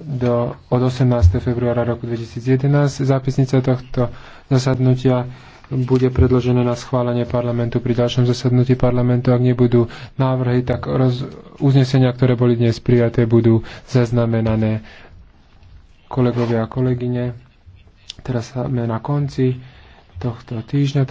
do, od 18. februára roku 2011. Zápisnica tohto zasadnutia bude predložené na schválenie parlamentu pri ďalšom zasadnutí parlamentu. Ak nebudú návrhy, tak roz, uznesenia, ktoré boli dnes prijaté, budú zaznamenané kolegovia a kolegyne. Teraz sme na konci tohto týždňa.